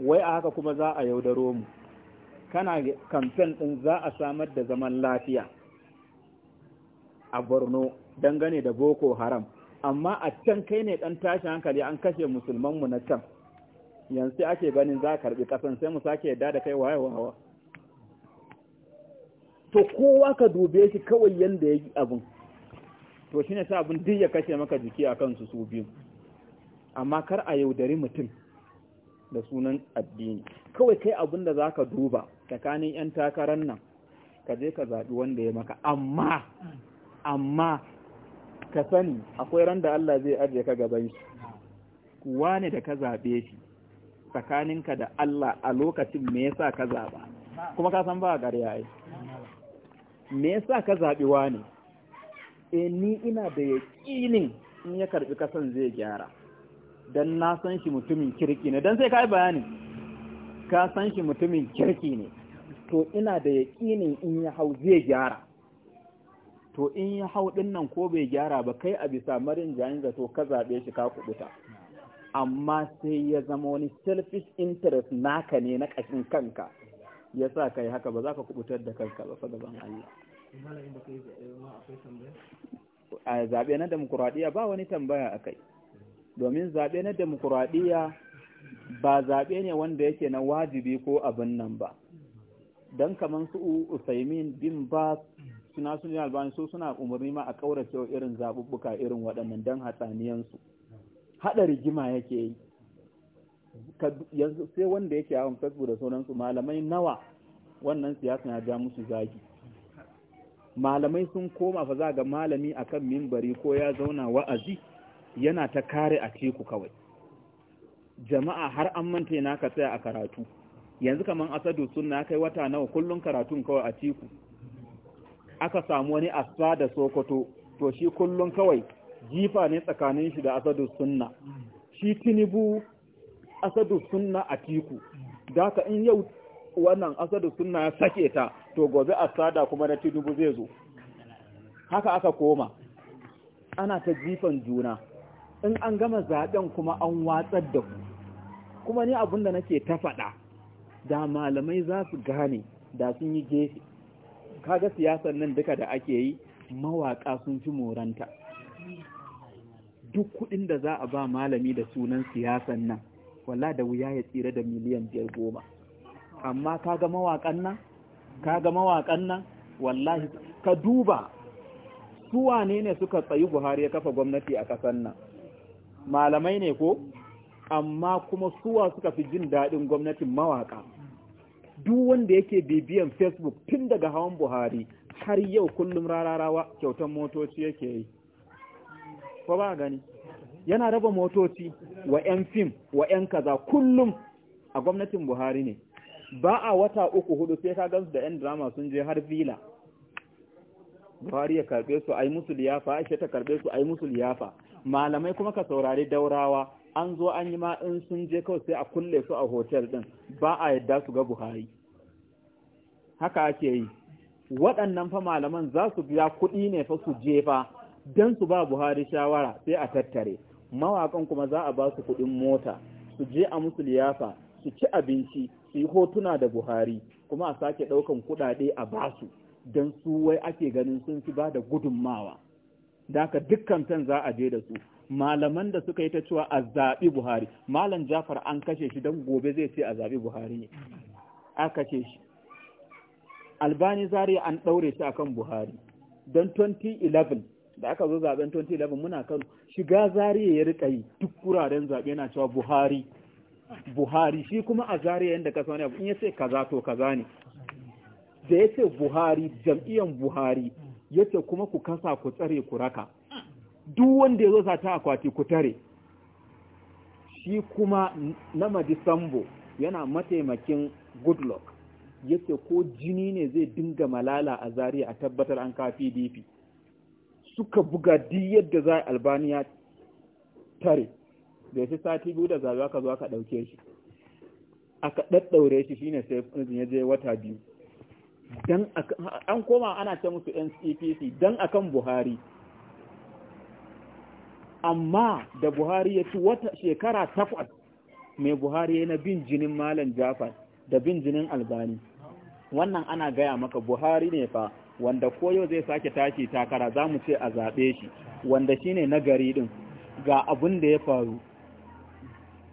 wai a haka kuma za a yaudaro mu kana kamfen ɗin za a samar da zaman lafiya a borno dangane da boko haram amma a can kai ne ɗan tashin hankali an kashe musulman mu na can yanzu ake ganin za a karɓi kasan sai mu sake yadda da kai waye wa. to kowa ka dube shi kawai yanda ya yi abin to shi ne sa abin duk ya kashe maka jiki a kansu su biyu amma kar a yaudari mutum da sunan addini kawai kai abun da za ka duba tsakanin 'yan takarar nan ka je ka zaɓi wanda ya maka amma amma ka sani akwai ran da Allah zai ajiye ka gaban shi kuwa ne da ka zaɓe shi tsakaninka da Allah a lokacin me yasa ka zaɓa kuma ka san ba a ƙarya me yasa ka zaɓi ne? e eh, ni ina da yaƙinin in ya karɓi kasan zai gyara don na san shi mutumin kirki ne don sai ka yi bayani ka san shi mutumin kirki ne to ina da yaƙinin in ya hau zai gyara to in ya hau ɗin nan ko bai gyara ba kai a bisa marin jayin zato ka zaɓe shi ka kuɓuta amma sai ya zama wani selfish interest naka ne na ƙashin kanka ya sa ka yi haka ba za ka kubutar da kanka ba fa gaban Allah a zaɓe na demokuraɗiyya ba wani tambaya a kai domin zaɓe na demokuraɗiyya ba zaɓe ne wanda yake na wajibi ko abin nan ba don kamar su usaimin bin ba suna suna albani su suna umarni ma a cewa irin zaɓuɓɓuka irin waɗannan don hatsaniyansu haɗa rigima yake yi sai wanda yake yawon facebook da sauransu malamai nawa wannan siyasa na ja musu zagi malamai sun koma fa za ga malami akan mimbari ko ya zauna wa'azi yana ta kare a teku kawai jama'a har an manta yana ka tsaya a karatu yanzu kaman asadu sunna kai wata nawa kullun karatun kawai a teku aka samu wani asfa da sokoto to shi kullun kawai jifa ne tsakanin shi da asadu sunna shi tinubu asadu sunna a teku Daka in yau wannan asadu sunna ya sake ta to gobe a sada kuma na tinubu zai zo haka aka koma ana ta jifan juna in an gama zaben kuma an watsar da ku kuma ni abin da nake ta faɗa da malamai za su gane da sun yi gefe kaga siyasar nan duka da ake yi mawaƙa sun fi moranta duk kuɗin da za a ba malami da sunan siyasan nan walla da wuya ya tsira da miliyan biyar goma amma kaga mawakan nan Ka ga mawakan nan wallahi ka duba su wane ne suka tsayi Buhari ya kafa gwamnati a kasan nan malamai ne ko amma kuma suwa suka fi jin daɗin gwamnatin mawaƙa. duk wanda yake bibiyan Facebook tun daga hawan Buhari har yau kullum rararawa kyautan motoci yake yi ko ba gani yana raba motoci wa 'yan fim wa 'yan kaza kullum a gwamnatin Buhari ne ba a wata uku hudu sai ka gansu da 'yan drama sun je har vila buhari ya karbe su a yi musu liyafa aisha ta karbe su a yi musu liyafa malamai kuma ka saurari daurawa an zo an yi ma'in sun je kawai sai a kulle su a hotel din ba a yadda su ga buhari haka ake yi waɗannan fa malaman za su biya kuɗi ne fa su je fa don su ba buhari shawara sai a tattare mawaƙan kuma za a ba su kuɗin mota su je a musu liyafa su ci abinci su yi hotuna da buhari kuma a sake ɗaukan kuɗaɗe a basu don su wai ake ganin sun fi ba da gudunmawa aka dukkan tan za a je da su malaman da suka yi ta cewa a zaɓi buhari malam jafar an kashe shi don gobe zai ce a zaɓi buhari ne a kashe shi albani zari an ɗaure shi akan buhari don 2011 da aka zo zaben 2011 muna kano shiga zariya ya rika yi duk wuraren zaɓe na cewa buhari buhari shi kuma a zariya yadda ka sani abu in ya ce kaza to kaza ne da ya ce buhari jam'iyyan buhari ya ce kuma ku kasa ku tsare ku raka duk wanda ya zo sata akwati ku tare shi kuma na sambo yana mataimakin goodluck ya ce ko jini ne zai dinga malala a zariya a tabbatar an ka dp suka buga duk yadda za albaniya tare bai fi sati biyu da zaɓe aka zo aka ɗauke shi aka ɗaɗɗaure shi shine sai ya je wata biyu dan an koma ana ce musu NCPC dan akan Buhari amma da Buhari ya ci wata shekara takwas mai Buhari ya na bin jinin Malam Jafar da bin jinin Albani wannan ana gaya maka Buhari ne fa wanda koyo zai sake tashi takara za mu ce a zaɓe shi wanda shine nagari din ga abin da ya faru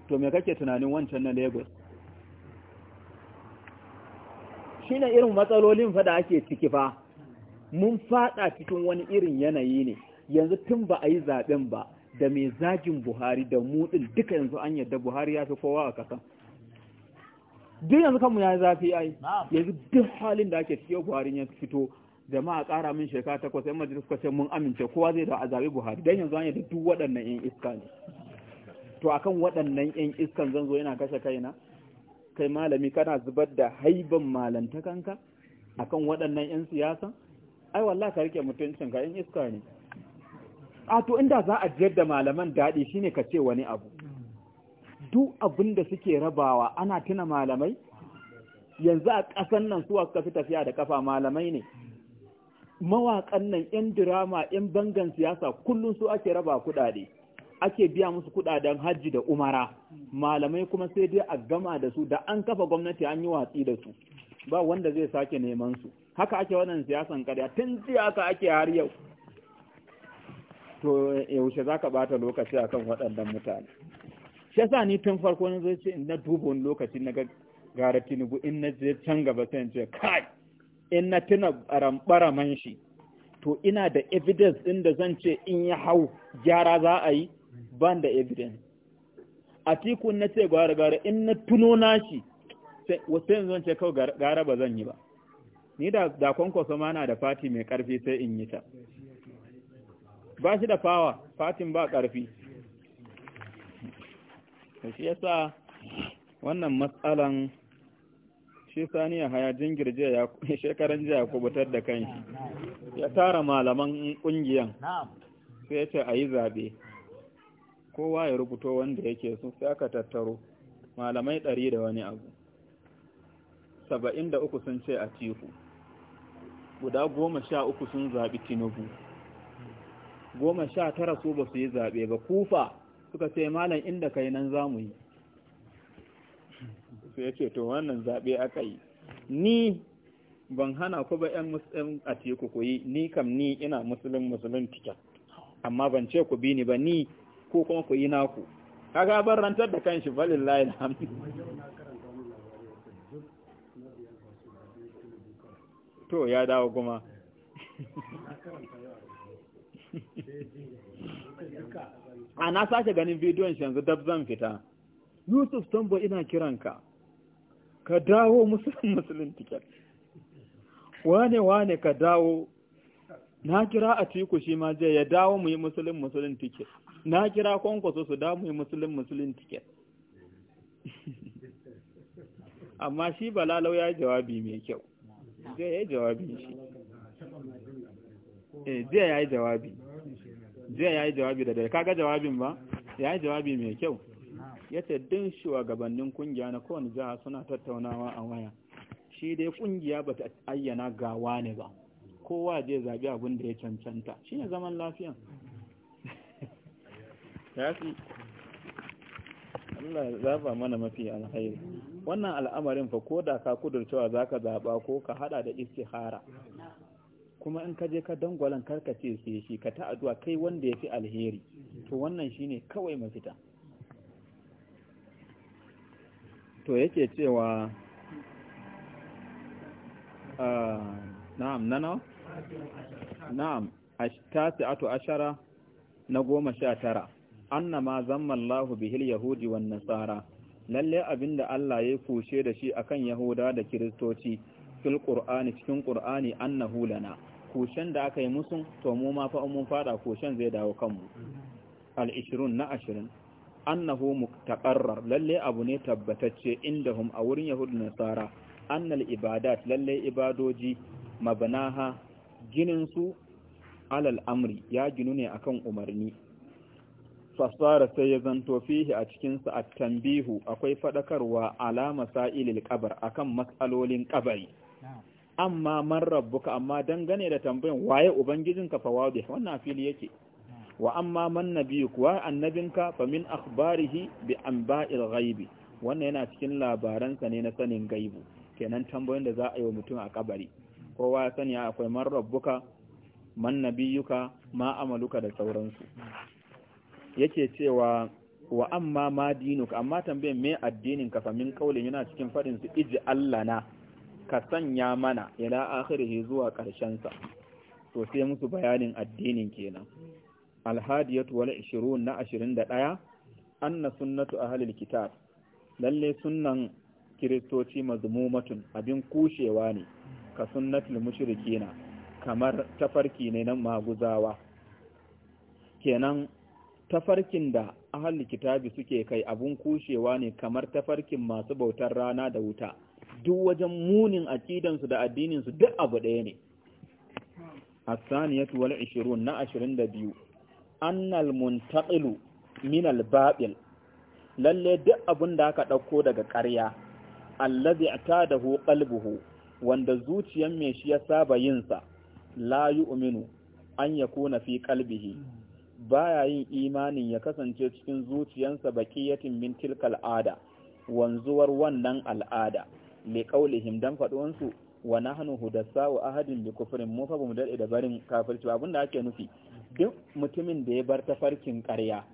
to me kake tunanin wancan na lagos shi ne irin matsalolin fa da ake ciki fa mun fada cikin wani irin yanayi ne yanzu tun ba a yi zaben ba da mai zagin buhari da mudin duka yanzu an yadda buhari ya fi kowa a kasan duk yanzu kanmu ya zafi ai yanzu duk halin da ake ciki buhari ya fito jama'a ƙara min shekara takwas yan majalis kwace mun amince kowa zai da a zaɓi buhari don yanzu an yadda duk waɗannan yan iska ne to akan waɗannan ‘yan iskan zan zo yana kashe kaina kai malami kana zubar da haiban malantakanka akan waɗannan ‘yan siyasa ai wallah ka rike mutuncinka ‘yan iska ne a to inda za a jiyar da malaman daɗi shine ka ce wani abu duk abin da suke rabawa ana tuna malamai yanzu a ƙasan nan su suka fi tafiya da kafa malamai ne mawaƙan nan ‘yan dirama ‘yan bangan siyasa kullum su ake raba kuɗaɗe ake biya musu kudaden hajji da umara malamai kuma sai dai a gama da su da an kafa gwamnati an yi watsi da su ba wanda zai sake neman su haka ake wannan siyasan karya tun jiya haka ake har yau to yaushe zaka bata lokaci akan waɗannan mutane shi yasa ni tun farko na zai ce in na duba wani lokaci na ga gara tinubu in na je can gaba sai ce kai in na tuna baran shi to ina da evidence ɗin da zan ce in ya hau gyara za a yi ban da evidence a tikun na ce gwara in na tuno shi wasu yanzu ce kawai gara ba zan yi ba ni da da kwankwaso ma na da fati mai karfi sai in yi ta ba shi da fawa fatin ba karfi shi yasa wannan matsalan shi saniya haya jingirje ya shekaran jiya ya kubutar da kanshi ya tara malaman kungiyan sai ya ce a yi zaɓe kowa ya rubuto wanda yake so sai aka tattaro malamai ɗari da wani abu saba'in da uku sun ce a tihu guda goma sha uku sun zaɓi tinubu goma sha tara su ba su yi zaɓe ba kufa suka ce malam inda kai nan za mu yi su ya ce to wannan zaɓe aka yi ni ban hana ku ba ‘yan musulun a tiku ku yi ni kam ni ina musulun musulun tikka amma ban ce ku bi ni ba ni ko kuma ku yi naku kaga ban da kanshi falillahi alhamdu to ya dawo kuma a na sake ganin bidiyon shi yanzu dab zan fita yusuf tambo ina kiranka ka dawo musulun musulun tiket wane wane ka dawo na kira a tiku shi ma je ya dawo mu yi musulun musulun tiket na kira kwankwaso su damu yi musulun musulun tiket amma shi balalau ya jawabi mai kyau zai ya jawabi eh, zai ya yi jawabi zai ya jawabi da dare kaga jawabin ba ya yi jawabi mai kyau ya ce din shugabannin kungiya na kowane jiha suna tattaunawa a waya shi dai kungiya ba ta ayyana gawa ne ba kowa zai zaɓi abin da ya cancanta shi ne zaman lafiya. yafi Allah zaba mana mafi alhairi wannan al'amarin fa ko da ka kudurcewa zaka zaba ko ka hada da istihara kuma in ka je ka dangwalan karkace sai shi ka ta addu'a kai wanda yafi alheri to wannan shine kawai mafita to yake cewa ah, na'am nana na'am atu ashara na goma sha tara annama zammallahu bihil yahudi wan nasara lalle abinda Allah ya kushe da shi akan yahuda da kiristoci fil qur'ani cikin qur'ani annahu lana kushen da aka yi musu to mu ma fa mun fada kushen zai dawo kanmu al 20 na 20 annahu muktaqarrar lalle abu ne tabbatacce hum a wurin yahudi nasara annal ibadat lalle ibadoji mabnaha ginin su alal amri ya ginu ne akan umarni fasara sai ya zanto fihi a cikin cikinsa a tambihu akwai faɗakarwa alama sa'ilil kabar akan matsalolin kabari amma man rabbuka amma dangane da tambayan waye ubangijinka fa wadi wannan fili yake wa amma man nabiyyu kuwa annabinka fa min akhbarihi bi anba'il ghaib wannan yana cikin labaransa ne na sanin gaibu kenan tambayoyin da za a yi wa mutum a kabari kowa ya sani akwai man rabbuka man nabiyyuka ma amaluka da sauransu yake cewa wa amma ma dinuk amma tambayan me addinin ka famin kaulin yana cikin fadin su iji allana ka sanya mana ila akhirihi zuwa karshen sa to sai musu bayanin addinin kenan alhadiyatu wal 20 na 21 anna sunnatu ahlil kitab lalle sunnan kiristoci mazmumatun abin kushewa ne ka sunnatul mushrikina kamar tafarki ne na maguzawa kenan tafarkin da ahalli kitabi suke kai abun kushewa ne kamar tafarkin masu bautar rana da wuta duk wajen munin su da addininsu duk abu ɗaya ne A wal 20 na 22 annal muntaqilu min al-babil lalle duk abun da aka dauko daga ƙarya allazi atadahu qalbuhu wanda zuciyar mai shi ya saba yin sa la yu'minu an yakuna fi qalbihi baya yin imanin ya kasance cikin zuciyansa bakiyatin min tilkal ada wanzuwar wannan al'ada li qaulihim dan faduwansu wa nahnu hudassa wa ahadin bi kufrin mu fa da barin kafirci abinda ake nufi duk mutumin da ya bar tafarkin ƙarya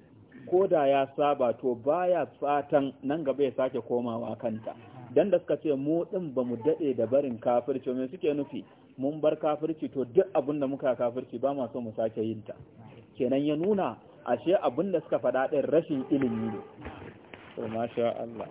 ko da ya saba to baya fatan nan gaba ya sake komawa kanta dan da suka ce mu din bamu dade da barin kafirci me suke nufi mun bar kafirci to duk abinda muka kafirci ba ma so mu sake yin ta kenan ya nuna ashe abun da suka faɗa rashin ilimi ne masha Allah